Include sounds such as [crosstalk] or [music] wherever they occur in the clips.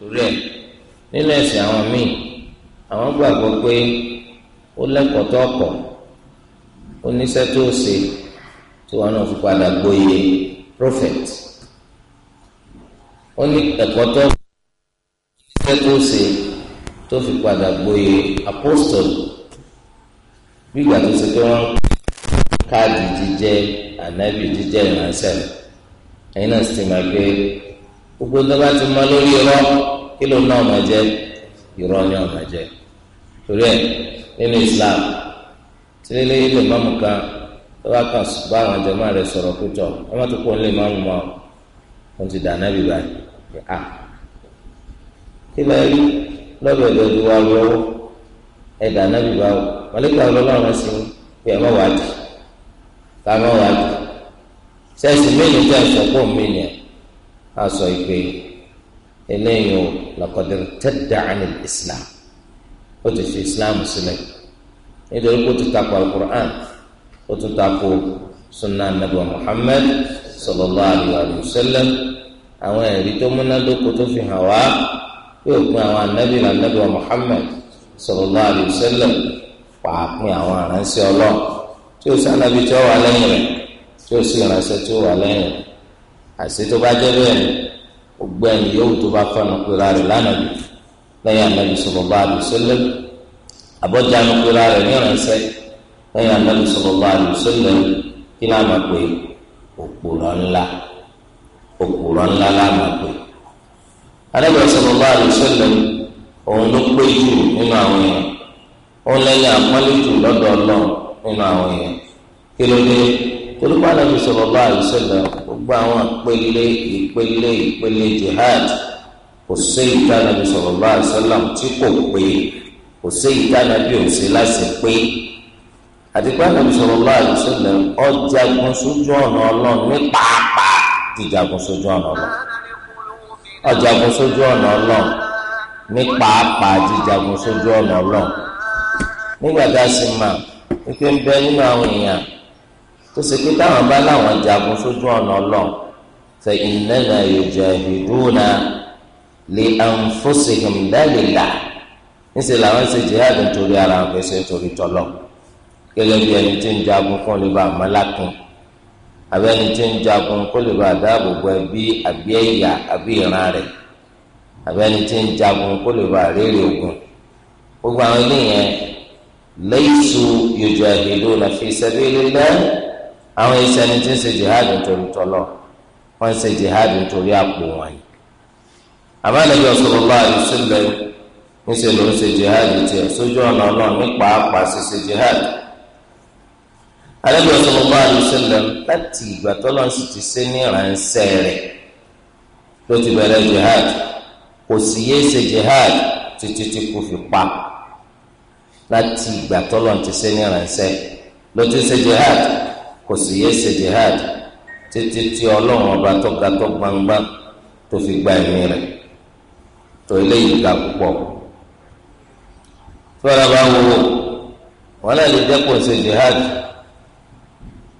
torí ẹ̀ nínú ẹ̀sìn àwọn míì àwọn gbàgbọ́ pé ó lẹ́kọ̀ọ́ tó ọkọ̀ ó níṣẹ́ tó ṣe tí wọn náà fi padà gboyè prophet ó ní ẹ̀kọ́ tó níṣẹ́ tó ṣe tó fi padà gboyè apostle bí ìgbà tó ṣe pé wọ́n káàdì jíjẹ́ ànábì jíjẹ́ ìránṣẹ́ ẹ̀yin náà sì ti máa gbé. gbogbo ní ti ma lórí irọ́ kí ló ọmọ jẹ ọmọ jẹ torí ẹ nínú Islam tí lé ilé mọ́mù kan tó bá bá àwọn rẹ sọ̀rọ̀ kútọ̀ ọmọ tó kọ́ nílé mọ́mù mọ́ ọ́n ti dà nábì báyìí a kí wa lọ́wọ́ ẹ̀ dà nábì pé ẹ̀ mọ́ ká mọ́ á sọ ìpè eléyìí o laqad irtadda 'an al-islam ó ti fi islam sílẹ̀ nítorí pé ó ti takò al-Qur'an ó ti takò sunna anabi muhammed sallallahu alayhi wa sallam àwọn ẹ̀rí tó múnádóko tó fi hàn wá pé òpin àwọn anabi anabi muhammed sallallahu alayhi wa sallam pàápín àwọn aránṣẹ́ ọlọ́run tí ó sì anabi tí ó wà lẹ́yìn rẹ̀ tí ó sì aránṣẹ́ tí ó wà lẹ́yìn rẹ̀ àṣẹ tó bá jẹ́ bẹ́ẹ̀ gbogbo ẹni yòówù tó bá fọnà pera rẹ̀ lánàá bí lẹ́yìn anabi sallallahu alaihi wasallam àbọjánu pera rẹ̀ ní ìrànṣẹ́ lẹ́yìn anabi sallallahu alaihi wasallam kí náà máa pè òpùrọ́ ńlá òpùrọ́ ńlá náà máa pè anabi sallallahu alaihi wasallam òun ló pé jù nínú àwọn èèyàn òun lẹ́yìn àpọ́nlé jù lọ́dọ̀ nínú àwọn èèyàn kí ló dé torípa Ànábì sallallahu alaihi wasallam gbogbo àwọn ìpele ìpele ìpele jihad kò sí ìta Ànábì sallallahu alaihi wasallam tí kò pé kò sí ìta Nabi òsè láti pé àtìpá Ànábì sallallahu alaihi wasallam ọjàgun sójú ọ̀nà ọlọ́run ní pàápàá ìjàgun sójú ọ̀nà ọlọ́run ọjàgun sójú ọ̀nà ọlọ́run ní pàápàá jíjagun sójú ọ̀nà ọlọ́run nígbà tá wípé ń bẹ nínú àwọn èèyàn tó ṣe pé táwọn bá láwọn jagun sójú ọ̀nà ọlọ́run fa innama yujahiduna li anfusihim la lillah níṣẹ́ làwọn ṣe jihad nítorí ara wọn nítorí tọ́lọ̀ gẹ́gẹ́ bí ẹni tí ń jagun kó lè bá jagun kó lè bá dáàbò ẹbí àbí jagun kó lè ogun gbogbo àwọn fi àwọn ẹsẹ ni tí ń ṣe jihad nítorí tọlọ wọn ń ṣe jihad nítorí àpò wọn ni àbánabi sallallahu alaihi wasallam ńṣe ló ń ṣe jihad tiẹ̀ sójú ọ̀nà náà nípa àpà ṣiṣe jihad Ànábì sallallahu alaihi wasallam láti ìgbà tọ́lọ́ sì ti ṣe ní ìránṣẹ́ rẹ̀ ló ti bẹ̀rẹ̀ jihad kò sì yé ṣe jihad títí tí kò fi pa láti ìgbà tọ́lọ́ ti ṣe ní ìránṣẹ́ ló ti ṣe jihad kò sì yẹ ṣe jihad títí tí ọlọ́run ọba tó ga tó gbangba tó fi gba ẹ̀mí rẹ̀ tó eléyìí ga púpọ̀ tí wọn bá wo wọn náà lè dẹ́kun ṣe jihad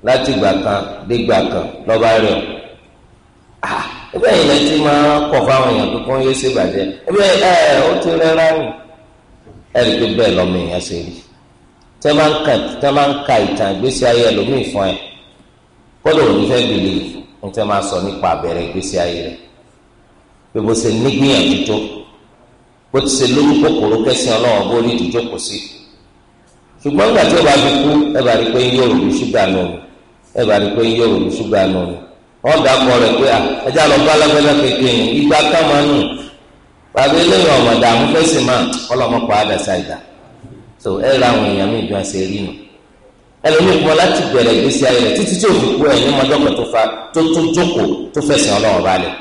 láti gbà kan dé gbà kan lọ́ba rẹ̀ ah ebe yìí lẹ́tí máa kọ̀ fáwọn èèyàn kíkọ́ yóò ṣèbàjẹ́ ebe ẹ̀ ọ́ ti rẹ́ ráyìn ẹ̀ rí i pé bẹ́ẹ̀ lọ́mọ èèyàn ṣe rí i tẹ́ máa ń ka tẹ́ máa ń ka ìtàn ìgbésí ayé ẹlòmíì fún ẹ kọ́dọ̀ òní fẹ́ bìlì ní tẹ́ máa sọ nípa àbẹ̀rẹ̀ ìgbésí ayé rẹ̀ pé bó ṣe nígbìyànjú tó bó ti ṣe lórí kòkòrò kẹsàn-án ọlọ́wọ́ bó rí ìdíjókòó sí ṣùgbọ́n nígbà tí ó bá fi kú ẹ bá rí pé ń yóò rú ṣúgà nù ẹ bá rí pé ń yóò rú ṣúgà nù wọ́n dà kọ́ rẹ̀ pé ẹja lọ bá lábẹ́lẹ́ kékeré yìí igba ká bàbá eléyìí ọ̀mọ̀dà àmúfẹ́sì máa ọlọ́mọ so ẹ ra èèyàn míì bí wọn lati rí nù ẹlòmíì kọ láti bẹ̀rẹ̀ ìgbésí ayé rẹ̀ títí tí fi kú ní tó fa tó tó jókòó tó fẹ̀sìn ọlọ́run balẹ̀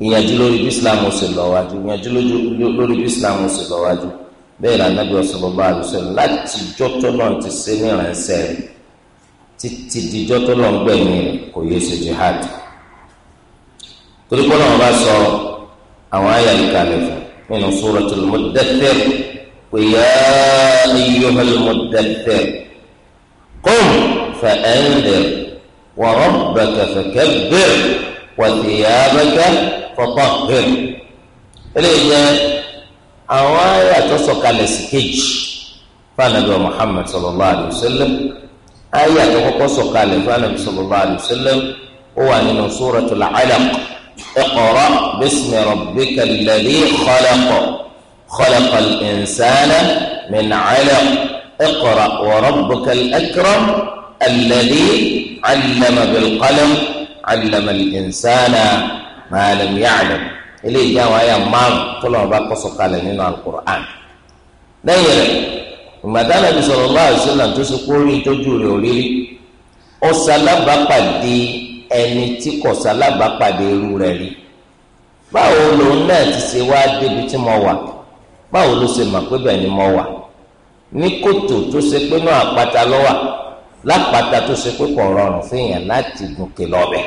ìyànjú lórí bí islam ò lọ wájú ìyànjú lórí bí islam ò lọ wájú nàbí láti náà ti ṣe ní títí di náà يا أيها المدثر قم فأنذر وربك فكبر وثيابك فطهر إليه أوايا تسوك على سكيج فنبي محمد صلى الله عليه وسلم آية تسوك على فنبي صلى الله عليه وسلم هو من سورة العلق اقرأ باسم ربك الذي خلق خلق الإنسان من علق اقرأ وربك الأكرم الذي علم بالقلم علم الإنسان ما لم يعلم إليه جاء آية مام طلع بقص قال لنا القرآن نيرا ما دام النبي صلى الله عليه وسلم تسقوني تجوري وليلي ọ̀sálábàápàdé ẹni tí kò sálábàápàdé irú rẹ̀ rí báwo lòun náà ti ṣe wá débi tí mo wà báwo ló ṣe mà pé bẹ́ẹ̀ ni mo wà ní kòtò tó ṣe pé náà àpáta ló wà lápáta tó ṣe pé kò rọrùn fèèyàn láti gòkè lọ́bẹ̀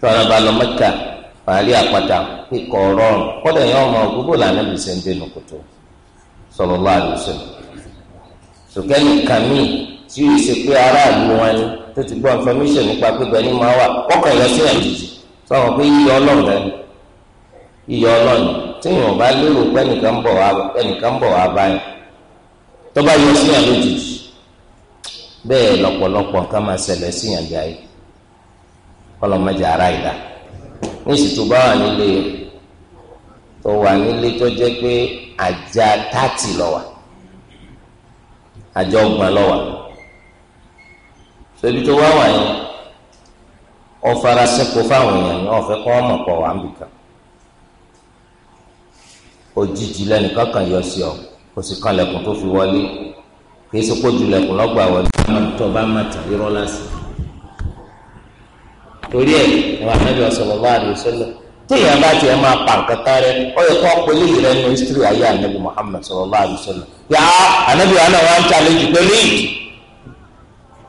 tọ́lá bá lọ mẹ́ta fàálì àpáta pé rọrùn kọ́dọ̀ yẹn ọmọ gbogbo làánà bí ṣe ń dénú kòtò sallallahu alaihi wasallam sòkẹ́ni kàmí tí yóò ṣe pé aráàlú wọn ni tó ti gbọ́ information nípa pípẹ́ ní máa wà ọkàn yọ sílẹ̀ jìjì sọ̀rọ̀ pé yíyọ ọlọ́run rẹ yíyọ ọlọ́run téèyàn bá lérò pé ẹnìkan bọ̀ wá ẹnìkan bọ̀ wá báyìí tó bá yọ síyàn lójijì bẹ́ẹ̀ lọ́pọ̀lọpọ̀ nǹkan máa ṣẹlẹ̀ síyàn jáì kọlọ́mọdé ara ìdá ní ìsìtú bá wà nílé tó wà nílé tó jẹ́ pé àjà tààtì lọ́wà àjọ ọgbọ̀n lọ́wà ṣebí tó wá wà yẹn ọ̀farasẹ́kọ̀ọ́ fáwọn èèyàn ni ọ̀fẹ́ kọ́ ọmọ pọ̀ wà ń bìkan òjijì lẹ́nu kankan yọ sí ọ kò sì kan lẹ̀kùn tó fi wọlé kì í sì kó ju lẹ̀kùn lọ́gbà wọlé tó bá má tà irọ́ lásìkò torí ẹ ìwà nàbí sallallahu alaihi wasallam téèyàn bá tiẹ̀ máa pa nǹkan tán rẹ ó yẹ kó pẹ̀lú ìrẹ́ nínú history ayé ànábì Muhammad sallallahu alaihi wasallam yá ànábì wa náà wọ́n ń challenge pẹ̀lú ìdí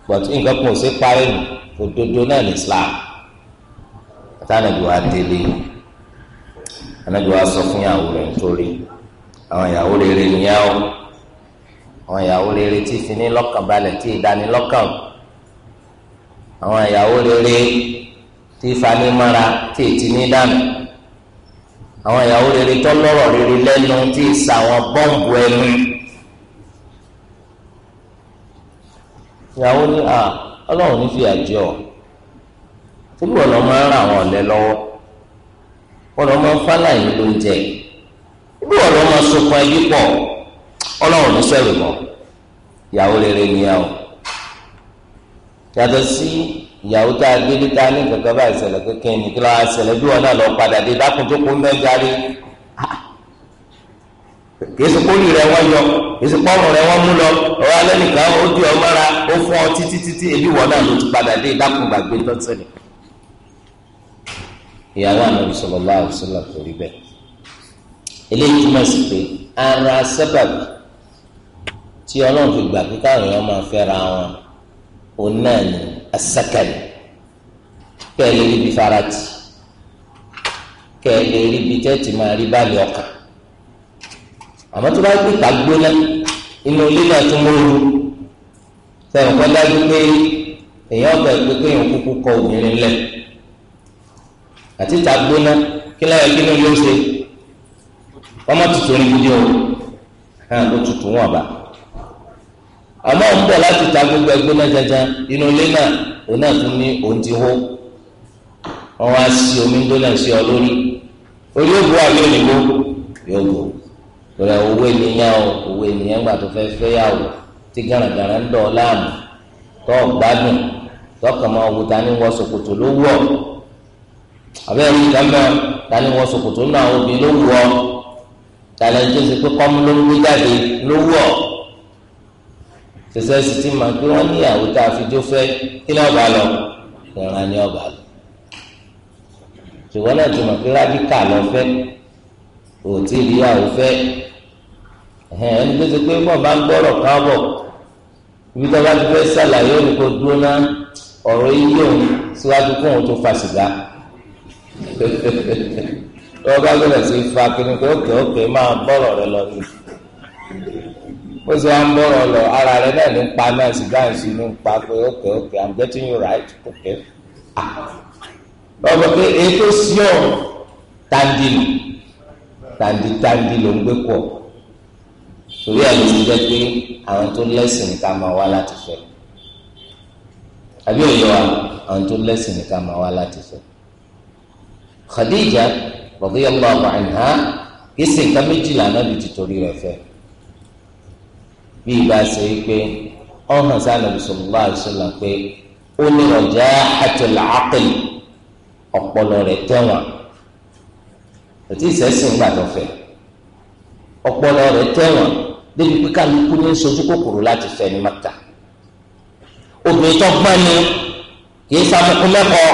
but nǹkan kan ò sí parí nù òdodo náà ní Islam àtànàbí wa délé yìí anabi wa sọ fún ìyàwó rẹ̀ nítorí àwọn ìyàwó rere nìyàwó àwọn ìyàwó rere tí fi ní lọ́kàn balẹ̀ tí ìdání lọ́kàn àwọn ìyàwó rere tí fani mara tí ìtì ní dànù àwọn ìyàwó rere tó lọ́rọ̀ rere lẹ́nu tí ìsà àwọn bọ́ǹbù ẹnu ìyàwó ní à Ọlọ́run ní fìyà jẹ ọ́ tí wọn lọ máa ń ra àwọn ọ̀lẹ lọ́wọ́. ọlọ́mọ fálà yìí ló ń jẹ ibi ọlọ́mọ sọkọ ẹbí pọ̀ ọlọ́run ní sẹ́rù mọ́ ìyàwó rere nìyàwó yàtọ̀ sí ìyàwó tá a gbé níta ní kankan bá ìṣẹ̀lẹ̀ kékeré ní kí bí wọn náà lọ padà dé dákun tó kún jáde rẹ yọ rẹ mú lọ nìkan ó di ó fún ọ títí títí ebi wọn náà ló ti padà dé dákun gbàgbé nìkan. ìyàwó ànábì sallallahu alaihi wasallam kò rí bẹ́ẹ̀ eléyìí túmọ̀ sí pé ara sábàbí tí ọlọ́run fi gbà pé káwọn èèyàn máa fẹ́ra wọn òun náà ní asákàlì kẹ́ẹ̀lẹ́ ríbi farati kẹ́ẹ̀lẹ́ ríbi tẹ́tì máa rí báàlì ọkà àmọ́ tó bá gbé ìta gbóná inú ilé náà tún mọ́ru sẹ́wọ̀n kọ́ dájú pé èèyàn ọ̀gá ìpínpín òkúkú kọ obìnrin lẹ́nu. àti ìta gbóná kí ló kí ló yóò ṣe ọmọ tuntun ní gidi o hàn ló tutù wọn bá ń gbogbo ẹgbóná janjan inú ilé náà òun náà tún ní òun ti hó wọn wá sí omi gbóná sí ọ lórí orí àbí òyìnbó yóò owó ènìyàn o owó ènìyàn gbà tó yà ń dọ̀ ọ́ láàmú gbádùn máa wò ta ní abẹ́rẹ́ ìjà mọ́ tani wọ ṣòkòtò náà àwọn obìnrin ló wù ọ́ tani tó ṣe pé kọ́mú ló ń gbé jáde ló wù ọ́ ṣẹṣẹ sì ti máa pé wọ́n ní ìyàwó tá a fi jó fẹ́ kí ni ọba lọ ìran ni ọba lọ ṣùgbọ́n náà ti mọ̀ pé rádíkà lọ fẹ́ òtí ìyàwó fẹ́ ẹni tó ṣe pé bọ́ bá ń gbọ́rọ̀ káàbọ̀ ibi tó bá ti fẹ́ ṣàlàyé òní kò dúró ná ọ̀rọ̀ yíyí òun síwájú kóun tó fa sìgá. wọ́n bá gbọ́dọ̀ sí fa kínní pé máa rẹ lọ ni ó sì ń lọ ara rẹ náà ní pa náà sìgá ìsìn ní pa pé i'm getting you right ah. pé ètò ló ń gbé pọ̀ torí ẹ̀ ló ti jẹ́ pé àwọn tó lẹ́sìn ní Khadija radiyallahu anha kìí ṣe nǹkan méjìlá Ànábì ti torí rẹ̀ fẹ́ bí ibà ṣe é pé ọ̀hún sí Ànábì sallallahu alaihi wasallam pé ó ní ọ̀já àtẹlẹ àpè ọpọlọ rẹ̀ tẹ̀wọ̀n ètí ìṣẹ́sìn gbà tó fẹ́ ọpọlọ rẹ̀ tẹ̀wọ̀n débi pé kálukú ní sojú kòkòrò láti fẹ́ ní Mẹ́kà obìnrin tó gbọ́n ni kìí sàmùkú mẹ́kọ̀ọ́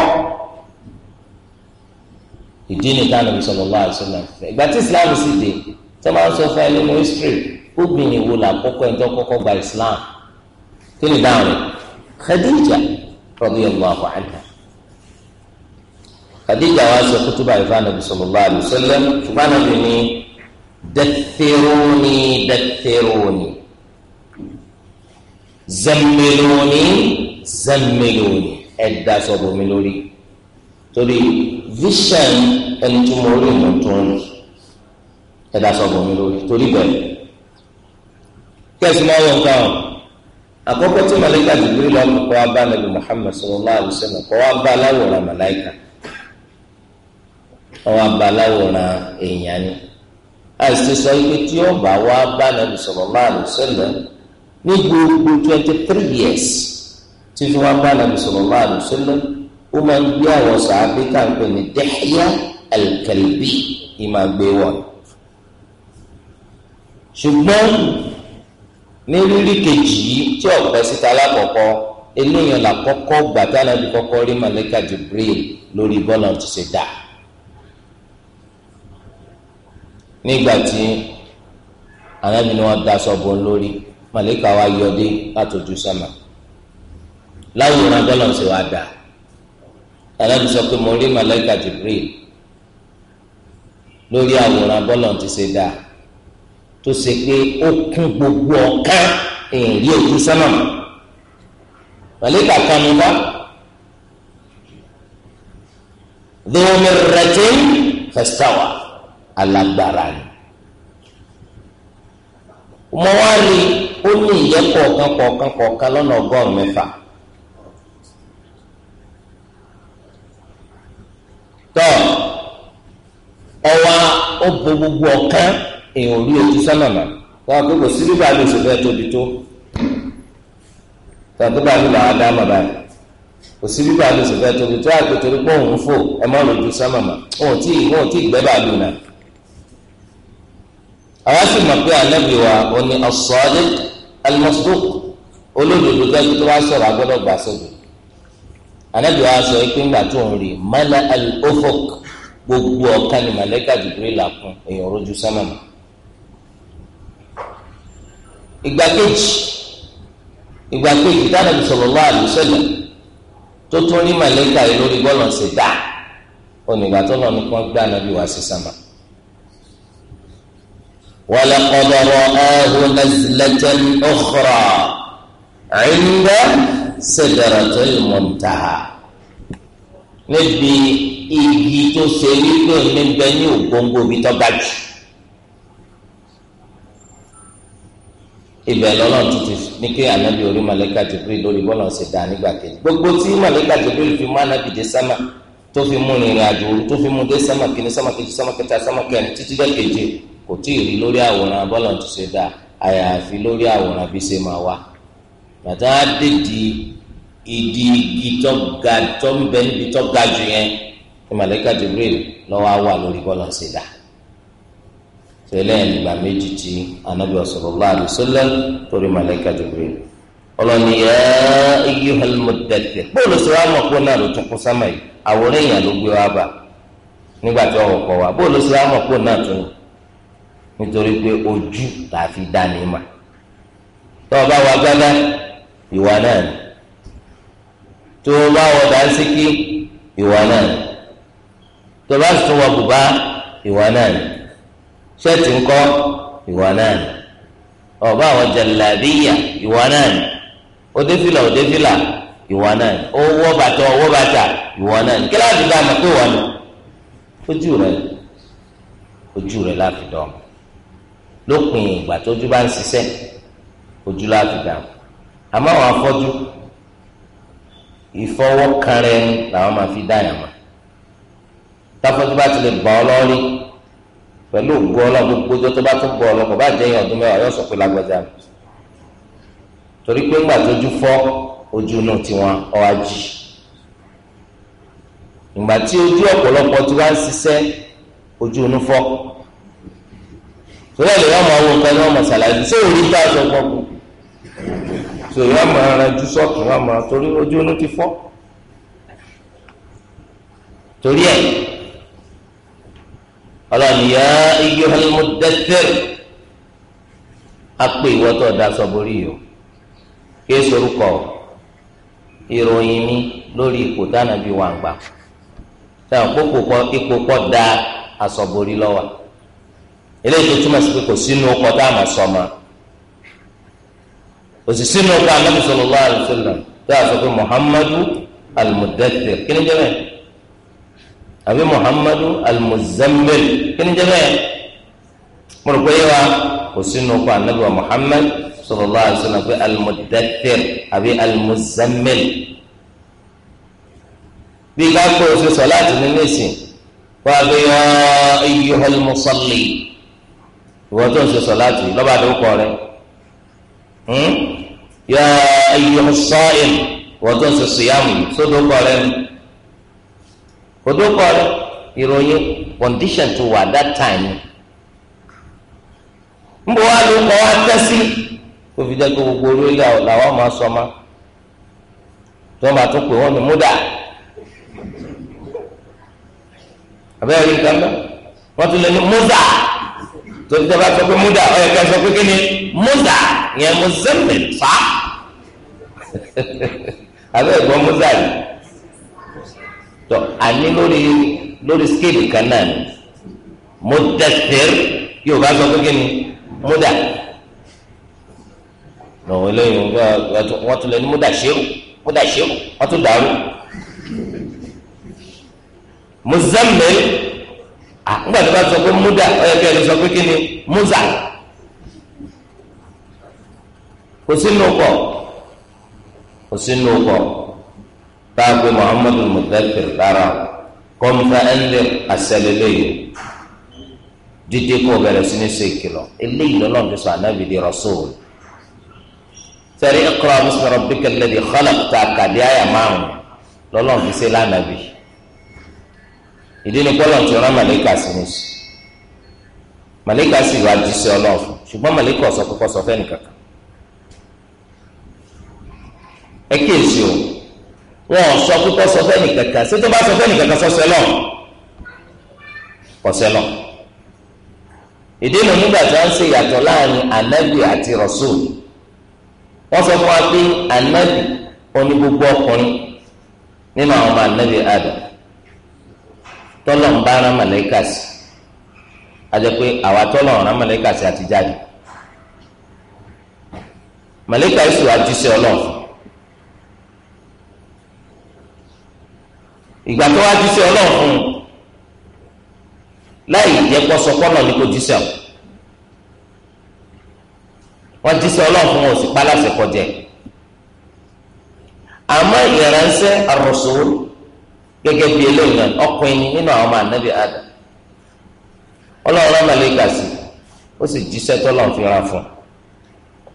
ìdí ni táwọn Ànábì sallallahu alaihi wasallam fẹ́ ìgbà tí islam sì dé tó máa ń sọ fún ẹ nínú history obìnrin wo là kọ́kọ́ ẹjọ́ kọ́kọ́ gba islam kí ni dáhùn rẹ̀ khadija radiyallahu anha khadija wa sọ kútúbà ìfà Ànábì sallallahu alaihi wasallam ṣùgbọ́n Ànábì ni dẹ́tẹ́rọ́ni dẹ́tẹ́rọ́ni zẹ́mẹ́lóni zẹ́mẹ́lóni ẹ̀dá sọ̀bọ̀mí lórí torí vision ẹni tó mọ orí ìmọ̀ tó ń rí ẹ dá sọ bọ̀mí lórí torí bẹ̀rẹ̀ kẹ́sì máa wọ nǹkan ọ̀ àkọ́kọ́ tí màláìka jìbìrì lọ kọ́ wa bá nàbì Muhammad sallallahu alaihi wasallam kọ́ wa bá aláwòrán màláìka kọ́ wa bá aláwòrán èèyàn ni àìsí sọ pé tí ó bá wa bá nàbì sallallahu alaihi wasallam ní gbogbo twenty three years tí fi wa bá nàbì sallallahu alaihi wasallam ó máa ń gbé àwọn sàábé tá à ń pè ní dẹ́híyá alkalbi ìmàgbé wọn. ṣùgbọ́n ní rírí kejì yìí tí ọ̀pẹ síta lákọ̀ọ́kọ́ eléyàn làkọ́kọ́ gbà tá a nàbí kọ́kọ́ rí màlẹ́kà Jibril lórí bọ́lá ti ṣe dà. nígbà tí ànábì ni wọ́n daṣọ bọ́ lórí màlẹ́kà wa yọdé látòjú sẹ́mà láwùrán bọ́lá ṣe wá dáa alábi sọ pé mo rí màláìka Jibril lórí àwòrán bọ́lọ̀ ti ṣe dáa tó ṣe pé ó kún gbogbo ọ̀kan èrí ojú sánà màláìka kan ní bá dùnmí rẹ̀tí fẹsítàwà alágbára ni mo wá rí ó ní ìyẹ́pọ̀ kọ̀ọ̀kan kọ̀ọ̀kan lọ́nà ọgọ́rùn-ún mẹ́fà. tọ́ ọwa ó gbogbo ọ̀kan èèyàn orí ojú sọ́nà mà wọ́n á kò sí bíbá ló ṣe fẹ́ tóbi tó tọ́ bíbá ló làwọn dá mà báyìí kò tóbi tó àgbẹ̀ torí pé òun fò lójú mà òun tí tí náà àwa sì mọ̀ pé wa olódodo tó anabi wa sọ pé ńgbà tó ń rí mala al-ufuk gbogbo ọ̀kan ni màlẹ́kà Jibril là kún èèyàn rojú sánmà mọ́. ìgbà kejì ìgbà kejì tí anabi sallallahu alaihi wasallam tó tún rí màlẹ́kà yìí lórí bọ́ọ̀lù ṣe dá onígbà tó lọ nìkan gbé anabi wa sí sánmà. walaqad ra'ahu nazlatan ukhra 'inda. Sidratul Muntaha níbi igi tó ṣe wípé níbẹ̀ ní ògbóngbò bí tó ga jù ibẹ̀ lọ́lọ́run ti ti ní kí ànábì orí màlẹ́kà Jibril lórí bọ́lá ṣe dá nígbà kejì gbogbo tí màlẹ́kà Jibril fi mú ànábì dé sámà tó fi mú ìrìn àjò tó fi mú dé sámà kìíní sámà kejì sámà kẹta sámà kẹrin títí dé keje kò tí ì rí lórí àwòrán bọ́lá ti dá àyàfi lórí àwòrán bí ṣe máa wá. bàtà dèdì ìdí igi tó ga tó ń bẹ níbi tó ga jù yẹn kí màlẹ́kà Jibril lọ́wọ́ wà lórí bọ́lá ṣe dà tẹ́lẹ̀ ìgbà méjì tí anabi torí Jibril ọlọ́niyà igi halmudẹ́tẹ̀ bóòlù sọ àmọ̀ kó náà kó sámà yìí àwòrán ló gbé wá bá nígbà tí wá bóòlù sọ kó ìwà náà ni tó o bá wọ dànsíkí ìwà náà ni tó o bá sùn wọ bùbá ìwà náà ni ṣẹ́ẹ̀tì ńkọ́ ìwà náà ni ọba àwọn jàlábíyà ìwà náà ni òdefìlà òdefìlà ìwà náà ni owó bàtà owó bàtà ìwà náà ni kíláàsì bá a pé ìwà ojú rẹ ojú rẹ láfi dán lópin ìgbà tójú bá ń ṣiṣẹ́ ojú láfi dán àmọ́ àwọn afọ́jú ìfọwọ́kànrẹ ẹni làwọn máa fi dá yàmà táfọ́jú bá ti lè bọ́ ọ lọ́rí pẹ̀lú ògbó ọlọ́run gbogbo tó bá tún bọ̀ ọlọ́kọ̀ bá jẹ́ ọdún mẹ́wàá yóò sọ pé lágbájá torí pé ńgbà tójú fọ́ ojú inú tiwọn ọ̀hájì ìgbà tí ojú ọ̀pọ̀lọpọ̀ tí wọ́n á ṣiṣẹ́ ojú inú fọ́ torí ẹ̀ lè yọ ọmọ owó nǹkan ní ọmọ ṣàlàyé ṣé òní tá a sọ fọ́ kù so yọ ọmọ aranjú sọ́ọ̀tún wọn mọ torí ojú inú ti fọ́ torí ẹ̀ ọlọ́ni yá ayyuhal muddaththir apè ìwọ́tọ̀ daṣọ borí o kí èso orúkọ ìròyìn mi lórí ipò tánàbí wà ń gbà táwọn kókò kọ ipò pọ̀ da aṣọ borí lọ́wọ́ eléyìí tó túmọ̀ sí pé kò sínú ọkọ̀ tá a máa òsìsì ní ọkọ anabi sallallahu alaihi wasallam tó a sọ pé muhammadu almudaththir kí ni jẹ́ bẹ́ẹ̀ àbí muhammadu almuzammil kí ni jẹ́ bẹ́ẹ̀ mo rò pé yẹ wa òsìsì ní ọkọ anabi wa muhammad sallallahu alaihi wasallam pé almudaththir àbí almuzammil bí ká kó o ṣe sọ láti ní nísìn wàá yọ ayyuhal musalli ìwọ́n tó ń ṣe sọ láti lọ́ba àdókò rẹ̀. Hmm? ya ayélujára sọ́ọ̀ìm wọ́n tó ń sọ síyàmù yìí sódò kọ́rẹ́ ni condition that time ń bọ̀ wá ló kọ́ wá tẹ́sí fi gbogbo ma tí to bá tún pè wọ́n ní múdà yìí kan náà wọ́n torí tẹ bá sọ pé múdà ọ̀yẹ̀ ká sọ pé kí ni múdà yẹn muzamil fa abẹ́ [laughs] ẹ̀gbọ́n múdà ni tọ́ àní lórí lórí skéèlì kan náà ni mudaththir yóò bá sọ pé kí ni múdà lọ́wọ́ lẹ́yìn wọ́n tún lọ ní múdà ṣéwù múdà ṣéwù wọ́n tún dàrú muzamil nígbà tó bá sọ pé múdà ọ̀yẹ́kẹ́ ló sọ pé kí ni múzà kò sínú kọ kò sínú kọ táàgbé muhammadu mudafir rárá kọ́ńtà ẹ̀ndẹ̀ àṣẹlélẹ́yìn dídé kó bẹ̀rẹ̀ sí ní ṣe ìkìlọ̀ eléyìí lọ́lọ́run tó sọ ànábì di rasul sẹ́rí iqra bismi rabbikal ladhi khalaq tá a kàdé àyà márùn-ún fi ṣe lánàbì ìdí ni kọ́lọ̀ tí ọ̀rọ̀ màlẹ́kà sí ní sí màlẹ́kà sì wá jí sí ọlọ́ọ̀fù ṣùgbọ́n màlẹ́kà ọ̀sọ́ kọ́kọ́ sọ fẹ́ni kankan ẹ kíyèsí o wọn ò sọ kọ́kọ́ sọ fẹ́ni kankan ṣé tó bá sọ fẹ́ni kankan sọ sẹ́lọ̀ kọ́ sẹ́lọ̀ ìdí ni nígbà tí wọ́n ń ṣe ìyàtọ̀ láàrin anabi àti rasul wọ́n sọ fún wa pé anabi oní gbogbo ọkùnrin nínú àwọn ọmọ anabi adam tọ́lọ̀ ń bá rán màlẹ́kà sí ajẹ́ pé àwa tọ́lọ̀ ń rán màlẹ́kà sí àti jáde màlẹ́kà yìí sì wá jíṣẹ́ ọlọ́run ìgbà tó wá jíṣẹ́ ọlọ́run fún un láì jẹ́ pọ́sọpọ́nà ní kò jíṣẹ́ o wọ́n jíṣẹ́ ọlọ́run fún wọn ò kọjẹ àmọ́ ìránṣẹ́ ar-rasul gẹ́gẹ́ bí eléyìí náà ọkùnrin ni nínú àwọn ọmọ ànábì àdà ọlọ́run rán màlẹ́kà sí ó sì jíṣẹ́ tó lọ́n fi ran fún un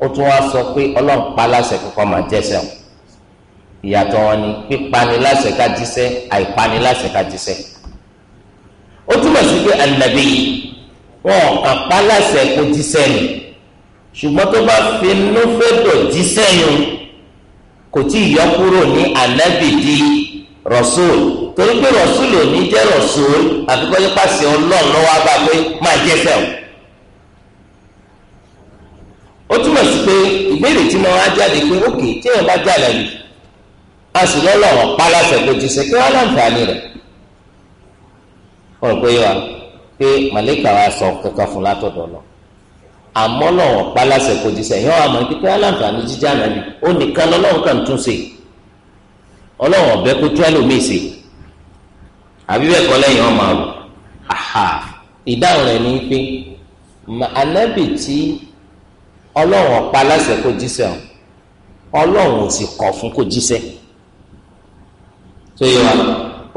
ó tún wá sọ pé ọlọ́run pa láṣẹ kọ́kọ́ máa jẹ́sẹ̀ wọn ìyàtọ̀ wọn ni pípani láṣẹ ká jíṣẹ́ àìpani láṣẹ ká jíṣẹ́ ó túmọ̀ sí pé ànábì wọn kàn pa láṣẹ kó jíṣẹ́ ni ṣùgbọ́n tó bá finú fẹ́ dọ̀ jíṣẹ́ yun kò tí ì yọ kúrò ní ànábì di. rọ̀súl torí pé rọ̀súl ò ní jẹ́ rọ̀súl àti kọ́ ma ọlọ́run o. ó túmọ̀ sí pé ìbéèrè tí mo wá jáde pé ókè tí èèyàn bá jà a sì ti ṣe kí wọ́n láǹfààní rẹ̀. wọ́n rò pé wa pé wa sọ kankan fún látọ̀dọ̀ lọ àmọ́ lọ́wọ́ ti ṣe wọ́n láǹfààní jíjà ó ọlọ́wọ̀n ọ̀bẹ kó tú ẹlòmíì sí àbí bẹ́ẹ̀ kọ́ lẹ́yìn ọmọ àwò àhà ìdáhùn rẹ̀ ni pé ànábì tí ọlọ́wọ̀n ọ̀pá láṣẹ kó jíṣẹ́ o ọlọ́wọ̀n ò sì kọ̀ fún kó jíṣẹ́ tó yẹ wa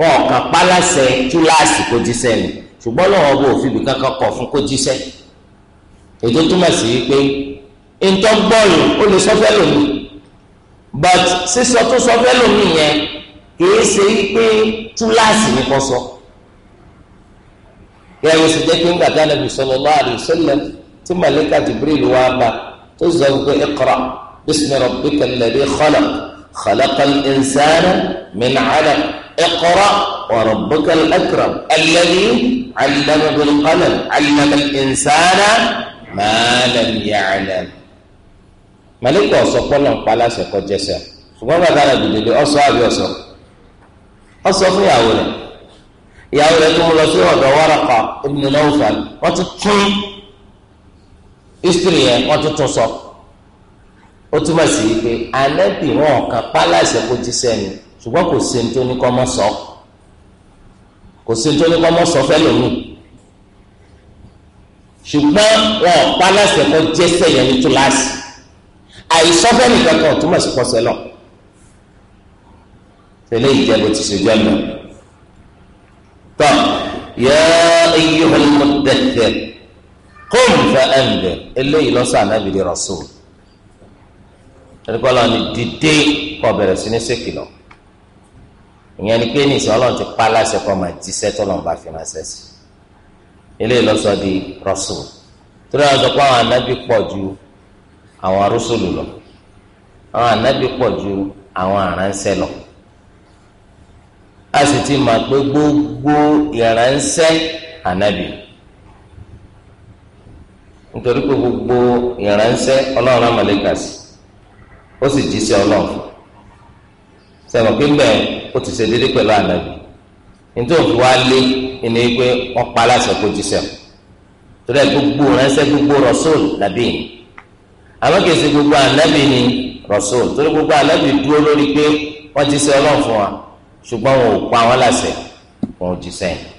wọn kàn pa láṣẹ túláàsì kó jíṣẹ́ ni ṣùgbọ́n lọ́wọ́n bó òfin ibìkan kan kọ̀ fún kó jíṣẹ́ ètò túmọ̀ sí pé ntọ́gbọ́ọ̀lù ó lè sọ́fẹ́ lòmìnir but sísọ tó sọ fẹ́ lómi yẹn kìí ṣe pé túláàsì ni kò sọ yẹ́n ló sì jẹ́ pé ńgbà gánà bí sallallahu alaihi wasallam tí màlíkà Jibril wá bá tó zọ pé iqra bismi rabbika alladhi khalaq khalaqal insana min 'alaq iqra wa rabbukal akram alladhi 'allama bil qalam 'allama màlẹ́kì ọ̀sọ́ pọ́nà ń pa láṣẹ kọ jẹsẹ̀ ṣùgbọ́n bàtà rẹ̀ dìde ọ̀sọ́ àbí ọ̀sọ́ ọ̀sọ́ fún ìyàwó rẹ̀ ìyàwó rẹ̀ tó mú lọ sí ọ̀dọ̀ Waraqa ibn Nawfal wọ́n ti tún history yẹn wọ́n ti tún sọ ó túmọ̀ sí pé anẹ́bì wọn kan pa láṣẹ kọ jẹsẹ̀ ni ṣùgbọ́n kò sí nítorí kọ́ mọ́ sọ kò sí nítorí kọ́ mọ́ sọ fẹ́ lómi ṣùgbọ́n wọn pa láṣẹ kọ jẹsẹ̀ yẹn ní túláàsì àìsọfẹ́ nìkan kan túmọ̀ sí pọ́sẹ̀ lọ. tẹ̀lé ìjẹ́bù ti ṣe jẹ́ mọ́. tọ́ yẹ iye olùmọ̀ dẹ̀tẹ̀ kóun fẹ́ ẹ̀ǹdẹ̀ eléyìí lọ́sọ̀ ànábìrì rasul. ẹ̀ríkọ́lọ́ ni dìde kọ́ bẹ̀rẹ̀ sí ní ṣèkìlọ̀. ìyẹn ni pé ní ìsìn ọlọ́run ti pa aláṣẹ kọ́ máa jíṣẹ́ tọ́lọ́run bá fi ránṣẹ́ sí. eléyìí lọ́sọ̀ di rasul. tó dáa sọ àwọn ànábì pọ̀ ju àwọn arúsùlù lọ àwọn ànábì pọ̀ ju àwọn àránṣẹ́ lọ a sì ti mọ̀ pé gbogbo ìránṣẹ́ ànábì nítorí pé gbogbo ìránṣẹ́ ọlọ́run amọ̀lẹ́kàsì ó sì jí sí ọlọ́run fún sẹ́wọ̀n pé mbẹ́ ó ti ṣe déédéé pẹ̀lú ànábì nítorí òfin wa lé ẹni pé wọ́n pa aláṣẹ kó jí sẹ́wọ̀n torí ẹ̀ gbogbo ìránṣẹ́ gbogbo rọ̀ṣọ́ọ̀lù làbí yìí àmọ́ kìí ṣe gbogbo ànábì ni rasul torí gbogbo ànábì dúró lórí pé wọ́n ti ṣe ọlọ́run fún wa ṣùgbọ́n wọn ò pa wọn láṣẹ wọn ò ti sẹ́yìn.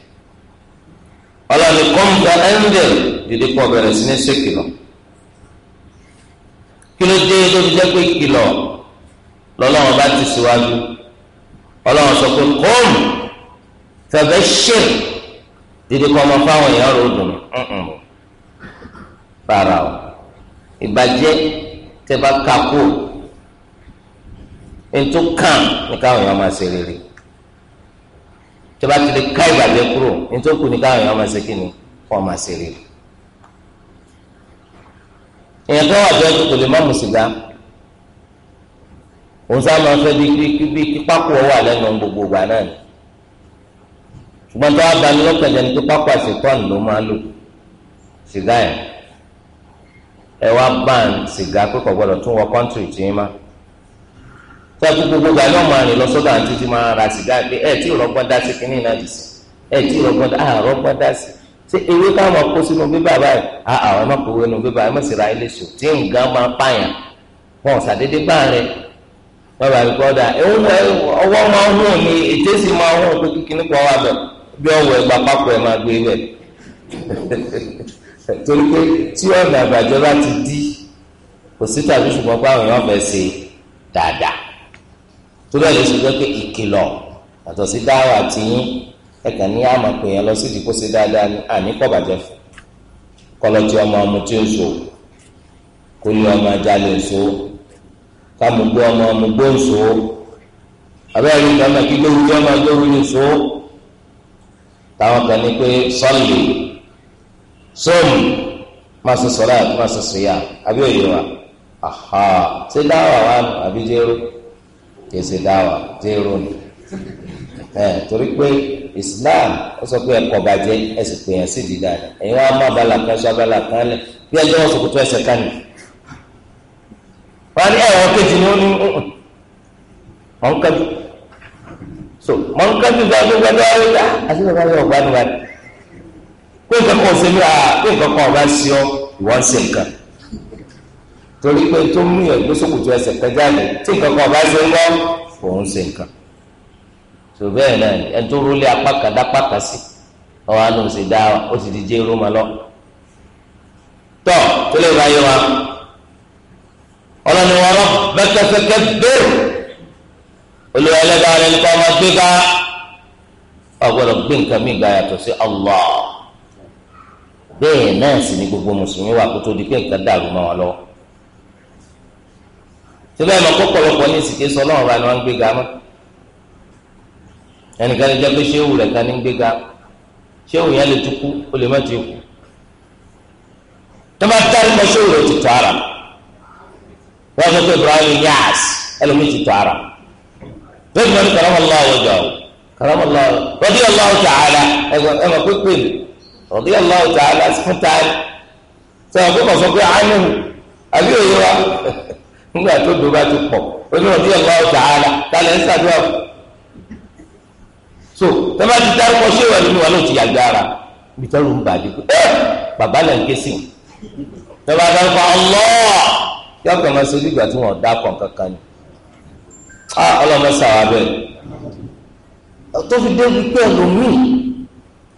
ọlọ́ni kọ́ńtà ẹ́ńdẹ̀l dìde pọ̀ bẹ̀rẹ̀ sí ní ṣèkìlọ̀ kí ló dé tó fi jẹ́ pé kìlọ̀ lọ́lọ́run bá ti síwájú ọlọ́run sọ pé kọ́ọ̀m fẹ̀fẹ̀ ṣe dìde kọ́ ọmọ fáwọn èèyàn ròdùn fara o ìbàjẹ́ tẹ́ bá ká kú ètò kàn ní káwọn èèyàn máa ṣe rere tẹ́ bá ti lè ká ìbàjẹ́ kúrò ètò kù ní káwọn èèyàn máa ṣe kíni kọ́ máa ṣe rere. èèyàn kan wà tó ẹ̀kọ́ kò lè má mu sìgá òun sáà máa fẹ́ bí bí kíkákù ọwọ́ àlẹ́ nù gbogbo ìgbà náà ni ṣùgbọ́n tó wàá bá mi lọ́kàn jẹ́ ni kíkákù àṣetọ́ ni ló máa lò sìgá yẹn. ẹ wá ban sìgá pé kò gbọdọ̀ tún wọ kọ́ńtìrì tì í má sẹ́kù gbogbo gba ọmọ àrìn lọ sọ́dọ̀ àti títí máa ra sìgá pé ẹ tí ìrọ́gbọ́n dá sí kínní náà dì sí ẹ tí ìrọ́gbọ́n dá àrọ́gbọ́n dá sí ṣé ewé káwọn kó sínú bíbá báyìí àwọn nu bíbá sì ra ilé sùn tí nǹkan máa pààyàn wọn bá rẹ bàbá mi kọ́ ọwọ́ máa hùn [laughs] torí pé tí ọ̀nà àbàjẹ́ bá ti dí kò sí tàbí ṣùgbọ́n pé àwọn èèyàn fẹ́ ṣe dáadáa torí ẹ̀ lè ṣe jẹ́ pé ìkìlọ̀ àtọ̀ sí dáhùn àti yín ẹ̀kàn ní àmọ̀ pé yẹn lọ sí ìdíkó ṣe dáadáa ní àníkọ̀ bàjẹ́ fún kọlọ tí ọmọ ọmọ tí ó so kó ní ọmọ ajá lè so kámugbó ọmọ ọmọ gbó ń so abẹ́rẹ́ ìgbà máa lóhùn tí ọmọ gbóhùn ń so táwọn kan ní pé sọ́ọ̀lì sọ́ọ̀mù máa ṣe sọ́lá máa ṣe sọ́yà àbí òye wa aha ṣé dáwà wa àbí jẹ́rú kì dáwà jẹ́rú ni ẹ torí pé Islam ó sọ pé ẹ̀kọ́ bàjẹ́ ẹ̀sìn pé yẹn sì di dáadáa ẹ̀yin wa má abala kan ṣọ abala kan lẹ̀ bí ẹjọ́ wọn sòkòtò ẹsẹ̀ kan nì wọn ní ẹ̀wọ̀n kejì ni ó ní mọ̀ ń kájú so mọ̀ ń kájú àwọn ẹ̀dá àti bàbá yẹn pé nǹkan kan ṣe mìíràn pé nǹkan kan ọba sí ọ ìwọ ń ṣe nǹkan torí pé tó mú yàn gbé sókùtù ẹsẹ̀ tí nǹkan kan ọba ṣe ń gbọ́ òun ṣe nǹkan tó bẹ́ẹ̀ náà ẹ tó apá kan dápá kan sí ọwọ́ àná sì dá ó sì ti jẹ́ irú lọ. tọ́ tó lè bá yé wa ọlọ́ni wọn lọ bẹ́kẹ́fẹ́kẹ́ bẹ́ẹ̀rù olùwà ẹlẹ́gbàá nípa ọmọ gbé ọgbọ́dọ̀ gbé nǹkan mí gbà yàtọ̀ sí Allah bẹ́ẹ̀ náà sì ni gbogbo mùsùlùmí wà kó tó di pé nǹkan dàrú mọ́ wọn lọ́wọ́ tí bẹ́ẹ̀ lọ pọ̀pọ̀lọpọ̀ ní ìsìnkè sọ ọlọ́run bá ni wọ́n ń gbéga mọ́ ẹnìkan lè jẹ́ pé ṣéwù rẹ̀ kan ní ń gbéga ṣéwù yẹn lè tún kú ó lè má ti kú tó bá mọ́ ṣéwù rẹ̀ ti tọ́ ara wọ́n sọ pé Ibrahim yas ẹlòmíì ti tọ́ ara bẹ́ẹ̀ ni wọ́n ní karamọ́ ọ̀dí ọlọ́wọ́ tà á lásì fún táyì sọ wọn kókò sọ pé àánú àbí òye wa [laughs] nígbà tó dùn bá ti pọ̀ oní ọ̀dí ọlọ́wọ́ tà á la kálẹ̀ ń sàdúrà so tọ́ba ti dárúkọ ṣé wà nínú wa ló ti yàgbé ara ibi ń bàdí kú ẹ́ bàbá là ń ké sí tọ́ba dárúkọ ọlọ́ yọ kàn máa ṣe bí tí wọn dá pọ̀ kankan ni ah, ọlọ́mọ sàwọn abẹ́ tó fi dé wípé ẹlòmíì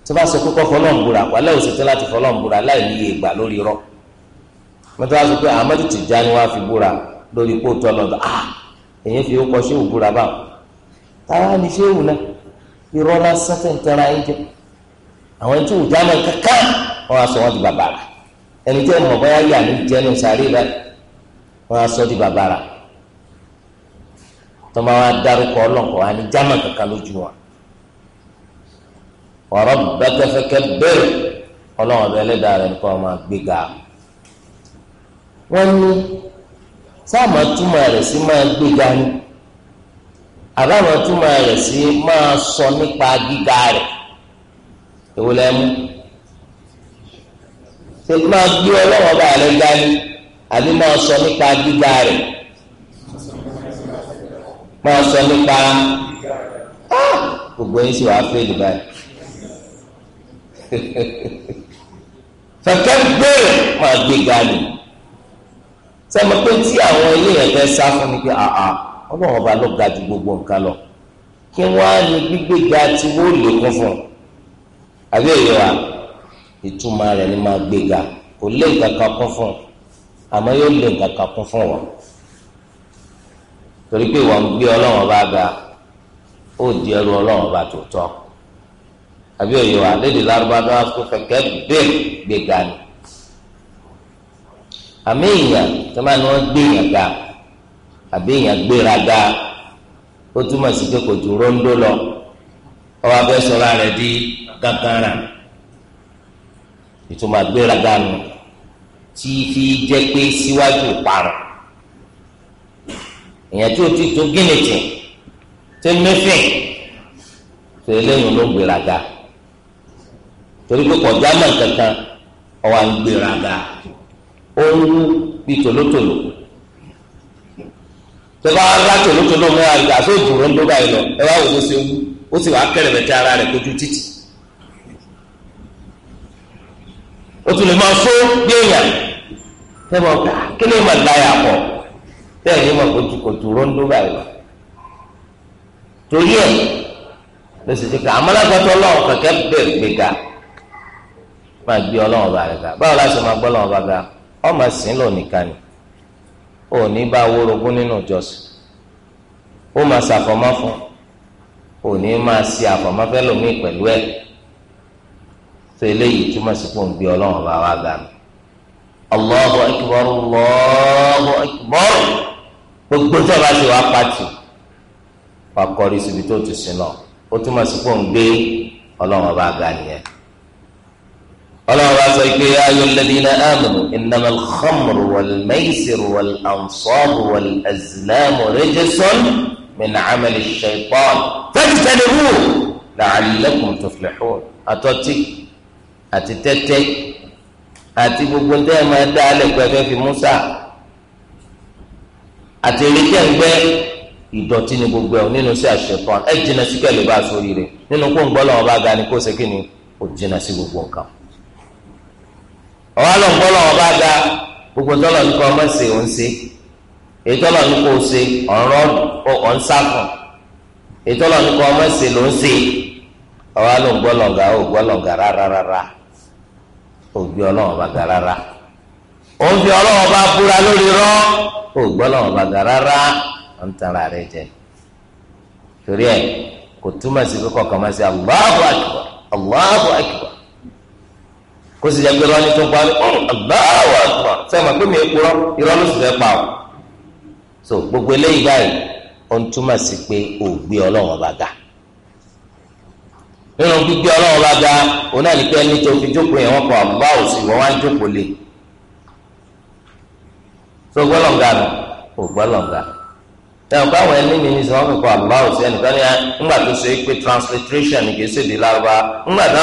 tí bá sọ pé kọ́ fọlọ́n búra wàhálà òsètò láti fọlọ́n búra láì níye ìgbà lórí rọ mọ́tò wá sọ pé Ahmadu Tijani wá fi búra lórí kóòtù ọlọ́dọ̀ ah èyí fi kọ́ ṣéwù bura báwọn táwa ni ṣéwù náà irọ́ lásán tẹ̀ ń tẹ́ra ẹ̀ jẹ́ àwọn ẹni tí wù jámọ̀ kankan wọ́n á sọ wọ́n di bàbàrà ẹni tí ẹ̀mọ̀ bá yà ní jẹ́nu sàrí rẹ wọ́n á sọ di bàbàrà tọ́mọ wa dárúkọ ọlọ́nkọ̀ wa ní jámọ̀ kankan lójú wọn wa rabbaka fakabbir ọlọ́run ọbẹ̀ ẹlẹ́dàá rẹ̀ nìkan máa gbéga. wọ́n ní sáàmà túmọ̀ rẹ̀ sí máa gbéga ni àbámà túmọ̀ rẹ̀ sí máa sọ nípa gíga rẹ̀ èwo lẹ́ mú. ṣé máa gbé ọlọ́run ọba rẹ̀ ga ni àbí máa sọ nípa gíga rẹ̀ máa sọ nípa ah! gbogbo yín sì wàá fẹ́ẹ́ lè báyìí fẹ̀kẹ́ bẹ́ẹ̀ máa gbé gaàlì sẹ́mi pé tí àwọn ilé yẹn fẹ́ sá fún mi pé àà ọlọ́run ọba ló ga ju gbogbo nǹkan lọ kí wọ́n á ní gbígbéga tí wọ́n lè kún fún un àbí èyí wa ìtumọ̀ rẹ̀ ni máa gbéga kò lé nǹkan kan kún fún un àmọ́ yóò lé nǹkan kan kún fún wọn torí pé wọ́n gbé ọlọ́run ọba ga ó di ẹrú ọlọ́run ọba tó tọ́ àbí òye wa lédè lárúbá tó wá kó fẹkẹ bẹ́ẹ̀ gbé ga ni àmì èèyàn tó máa ní wọn gbé èèyàn ga àbí èèyàn gbéra ga ó túmọ̀ sí pé kò ju róńdó lọ ọba fẹ́ sọra rẹ̀ di kankara ìtumọ̀ gbéra ga nu tí fi jẹ́ pé síwájú parun èèyàn tí o ti tó gínìtì tó mẹ́fìn tó eléyìí ló gbéra ga torí pé kọjá mọ̀ kankan ọ̀wà ń gbéraga ó ń wú bí tòlótòló tó bá rà tòlótòló mú àgbà tó dùrọ̀ ń tó báyìí lọ ẹ wá wò ó ṣe wú ó sì wá kẹrẹ̀mẹ̀tẹ̀ ara rẹ̀ kojú títì ó tún lè máa fó bí èèyàn tẹ́wọ̀ gbà ah, kí ló máa láyà pọ̀ bẹ́ẹ̀ ni máa kojú kò dùrọ̀ ń tó báyìí lọ torí ẹ̀ lọ́sọ̀tì kan àmọ́ lágbàtọ́ ọlọ́run kẹ̀kẹ́ bẹ̀ẹ̀ gbẹ̀gà. máa gbé ọlọ́run ọba rẹ̀ ga báwo láti máa gbọ́ ọlọ́run ọba ga ọmọ sìn lò nìkan ni ò ní bá wórogún nínú ìjọsìn ó máa ṣàfọ̀mọ́ fún ò ní máa ṣe àfọ̀mọ́ fẹ́ pẹ̀lú ẹ̀ tó eléyìí túmọ̀ sí gbé ọlọ́run ọba wa ga mi gbogbo ti wá pàtì kọrí síbi tó ti sin náà ó túmọ̀ sí gbé ọlọ́run ọba ga nìyẹn. ọlọ́run bá sọ pé ayé alladhina amanu innamal khamru wal maisiru wal ansabu wal azlamu rijsun min amali shaytan fajtanibuhu la'allakum tuflihun àtọ́tí àti tẹ́tẹ́ àti gbogbo ń tẹ́ ẹ máa dá alẹ́ pẹ́ fẹ́ fi musa àti erékẹ́ ń ìdọ̀tí ni gbogbo ẹ̀ nínú sí àṣepọ̀n ẹ̀ jìnnà sí kẹ́lẹ́ bá a sórí rẹ̀ nínú kó ń gbọ́ ọwọ́ àlọ́ǹgbọ́ lọ́wọ́ bá ga gbogbo tọ́lọ̀ ní kọ́ mọ́sè ò ń ṣe èyí tọ́lọ̀ ní kò ṣe ọ̀rọ̀ ọ̀ ń sáfùn èyí tọ́lọ̀ ní kọ́ mọ́sè ló ń ṣe ọwọ́ àlọ́ǹgbọ́ lọ́ga ò gbọ́ lọ́ga rárára ò gbé ọlọ́wọ́ bá ga rárá ò ń fi ọlọ́wọ́ bá búra lórí rọ́ ò gbọ́ lọ́wọ́ bá ga rárá ọ̀ ń tan rẹ jẹ torí ẹ kò túmọ̀ sí kọ́kọ́ kan máa ṣe Allahu akbar Allahu akbar ó sì jẹ́ pé irọ́ tó pa aláwọ̀ àgbà sẹ́wọ̀n pé mi kúrọ́ irọ́ ló sì fẹ́ pa ọ́ so gbogbo eléyìí báyìí ó ń túmọ̀ sí pé ò gbé ọlọ́run ọba ga nínú gbígbé ọlọ́run ọba ga òun náà ní pé ẹni tó fi jókòó yẹn wọ́n pa àbúrò òsì wọ́n wá ń jókòó lé so gbọ́lọ̀ǹga nù ò gbọ́lọ̀ǹga ẹ̀wọ̀n báwọn ẹni mi ní sọ wọ́n fi kọ́ àbúrò òsì ẹnìkan ní ńgbà tó so é pé transliteration kì í ṣèdè lárúbá ńgbà tó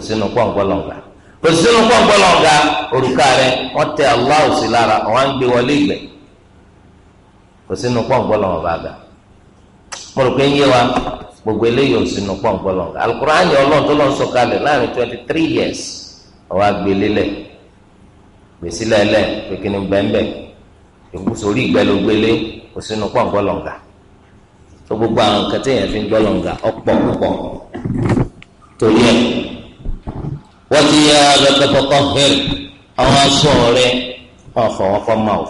kò sínú pọ̀npọ̀lọ̀ǹgà kò sínú pọ̀npọ̀lọ̀ǹgà òrùka rẹ wọ́n tẹ Allah sí lára wọ́n á ń gbé wọlé ìgbẹ́ kò sínú pọ̀npọ̀lọ̀ǹgà gà mo rò pé ń yé wa gbogbo eléyìí ò sínú pọ̀npọ̀lọ̀ǹgà alukur'ani ọlọ́run tó lọ́n sọ̀kalẹ̀ láàrin twenty three years ọwọ́ agbélélẹ̀ gbèsílẹ̀ lẹ̀ pékinni bẹ́ńbẹ́ ìgbésórí ìgbẹ́lógbélé kò sínú pọ̀npọ̀lọ̀ǹgà tó gbogbo àwọn kẹtẹ́yìn fi ń gbọ́lọ̀ǹgà ọ̀pọ̀ púpọ̀ torí ẹ̀ wọ́n ti yá lọ́kẹ́fọ́kọ́ hẹ́l àwọn aṣọ rẹ ma àwọn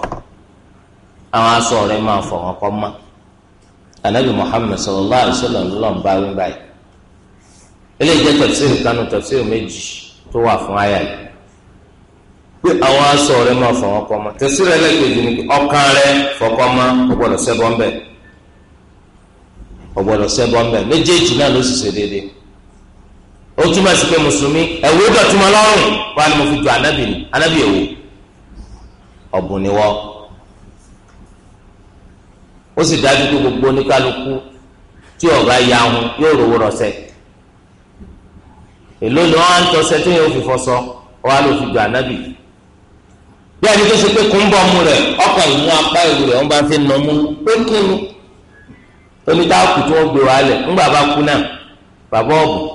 aṣọ rẹ máa fọ̀ kọ́ ma anabi muhammed sallallahu alayhi wa sallam ń bá wí báyìí eléyìí jẹ́ kanu méjì tó wà fún àyà yìí pé àwọn aṣọ máa fọ̀ ma tafsir ẹlẹ́gbẹ̀dì ni ọkàn rẹ fọkọ́ ma o gbọ́dọ̀ sẹ́bọ̀ ń bẹ̀ o gbọ́dọ̀ sẹ́bọ̀ ń bẹ̀ méjèèjì náà ló ó túmọ̀ sí pé mùsùlùmí ẹ̀wù ó dọ̀tí mọ́ lọ́rùn wọn ni mo fi ju ni ọ̀bùn ni gbogbo oníkálukú tí ọ̀gá ya hun yóò rówó rọ̀ṣẹ̀ èló ni wọ́n á ń tọ́sẹ̀ tí yóò fi fọṣọ wọn fi ju bí tó ṣe pé rẹ̀ ọkọ̀ ìmú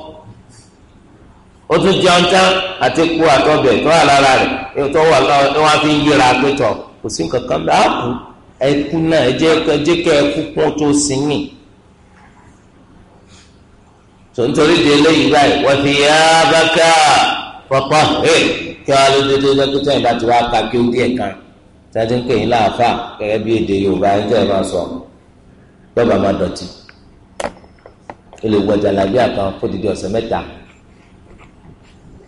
ó tún jẹun tán àti kú àtọbẹ̀ tó wà lára rẹ̀ tó wà wọ́n fi ń yíra pétọ̀ kò sí nǹkan kan bá kú náà ẹjẹ ẹjẹ kẹ tó sin mí. tó ń torí de eléyìí báyìí wọ́n fi yá bákà pọ̀pọ̀ kí wọ́n á dédé ìgbà tí wọ́n á ka kí ó tẹ́tí ń pè yín láàfà gẹ́gẹ́ bí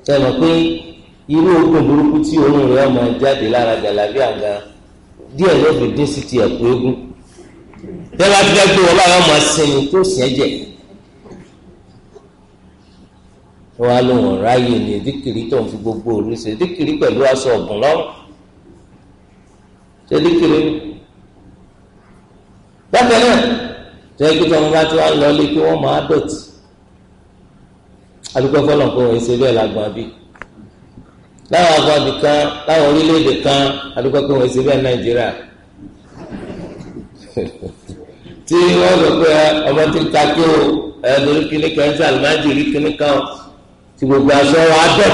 sẹ́nu pé irú ogun burúkú tí òun rẹ̀ ọmọ jáde lára jàlábí àga díẹ̀ ló fi dín sí ti ẹ̀kú eégún bẹ́ẹ̀ bá ti fẹ́ gbé wọn báyọ̀ ọmọ sinmi tó sìn jẹ́ wọ́n á lóun ọ̀rá yìí ní díkìrì tó ń fi gbogbo òru ṣe díkìrì pẹ̀lú aṣọ ọ̀gùn lọ́rùn ṣe díkìrì bákan náà tẹ́lifíṣàn bá ti wá lọ lé kí wọ́n máa dọ̀tí adúgbò fọlọ́n pé wọ́n ṣe bẹ́ẹ̀ lágbọ́n bí láwọn agbọ́n bì kan láwọn orílẹ̀-èdè kan adúgbò pé wọ́n ṣe bẹ́ẹ̀ nàìjíríà [laughs] tí wọ́n sọ pé ọmọ tí ń ta kí o ẹ̀ẹ́dọ̀rí kíní kan ṣe àlùmáàjì rí kíní kan tí gbogbo aṣọ wa dọ̀